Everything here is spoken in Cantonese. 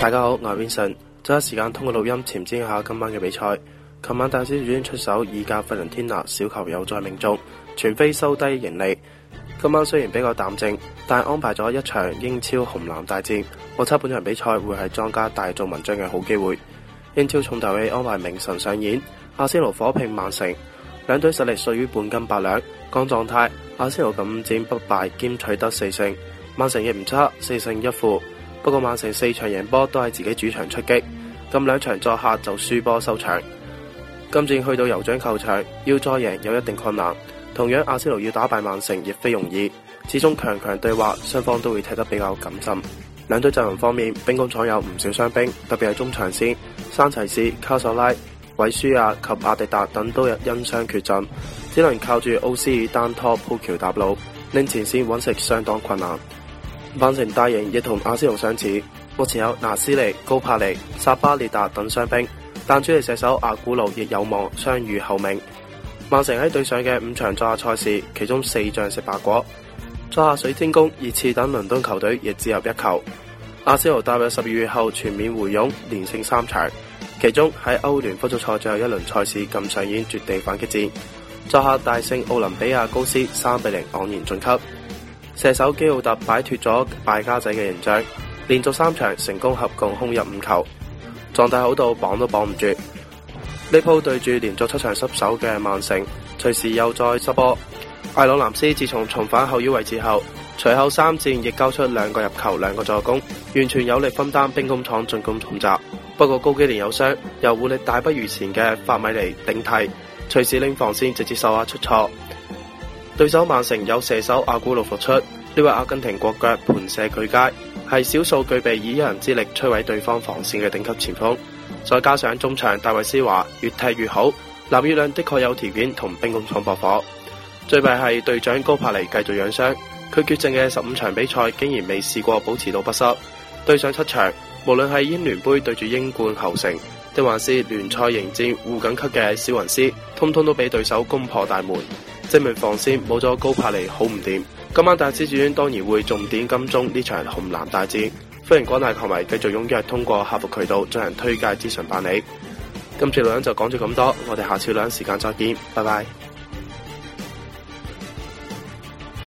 大家好，我係 Vincent，第一時間通過錄音前瞻下今晚嘅比賽。琴晚大師主將出手意甲費倫天拿，小球有再命中，全非收低盈利。今晚雖然比較淡靜，但安排咗一場英超紅藍大戰，我猜本場比賽會係莊家大做文章嘅好機會。英超重頭戲安排明晨上演，阿仙奴火拼曼城，兩隊實力屬於半斤八兩，講狀態，阿仙奴近五戰不敗兼取得四勝，曼城亦唔差，四勝一負。不過曼城四場贏波都係自己主場出擊，咁兩場作客就輸波收場。今仗去到酋長球場，要再贏有一定困難。同樣，阿仙奴要打敗曼城亦非容易，始終強強對話，雙方都會踢得比較謹慎。兩隊陣容方面，兵工廠有唔少傷兵，特別係中場線，山齊士、卡索拉、韋舒亞及阿迪達等都有因傷缺陣，只能靠住奧斯爾單拖鋪橋搭路，令前線揾食相當困難。曼城大營亦同阿仙奴相似，目前有拿斯利、高帕尼、薩巴列達等傷兵，但主力射手阿古路亦有望傷愈後明。曼城喺對上嘅五場作客賽事，其中四仗食白果，作客水晶宮、熱刺等倫敦球隊亦只入一球。阿仙奴踏入十二月後全面回勇，連勝三場，其中喺歐聯分組賽最後一輪賽事更上演絕地反擊戰，作客大勝奧林比亞高斯三比零，昂然晉級。射手基奧特擺脫咗敗家仔嘅形象，連續三場成功合共轟入五球，狀態好到綁都綁唔住。呢鋪對住連續七場失手嘅曼城，隨時又再失波。艾朗南斯自從重返後腰位置後，隨後三戰亦交出兩個入球、兩個助攻，完全有力分擔兵工廠進攻重責。不過高基連有傷，由活力大不如前嘅法米尼頂替，隨時令防線直接受壓出錯。對手曼城有射手阿古魯復出，呢位阿根廷國腳盤射俱佳，係少數具備以一人之力摧毀對方防線嘅頂級前鋒。再加上中場戴維斯話越踢越好，藍月亮的確有條件同兵工廠搏火。最弊係隊長高柏尼繼續養傷，佢缺席嘅十五場比賽竟然未試過保持到不失。對上七場，無論係英聯杯對住英冠後城，定還是聯賽迎戰護緊級嘅史雲斯，通通都俾對手攻破大門。正面防線冇咗高柏尼好唔掂，今晚大師主演當然會重點跟蹤呢場紅藍大戰，歡迎廣大球迷繼續踊躍通過客服渠道進行推介諮詢辦理。今次錄音就講咗咁多，我哋下次錄音時間再見，拜拜。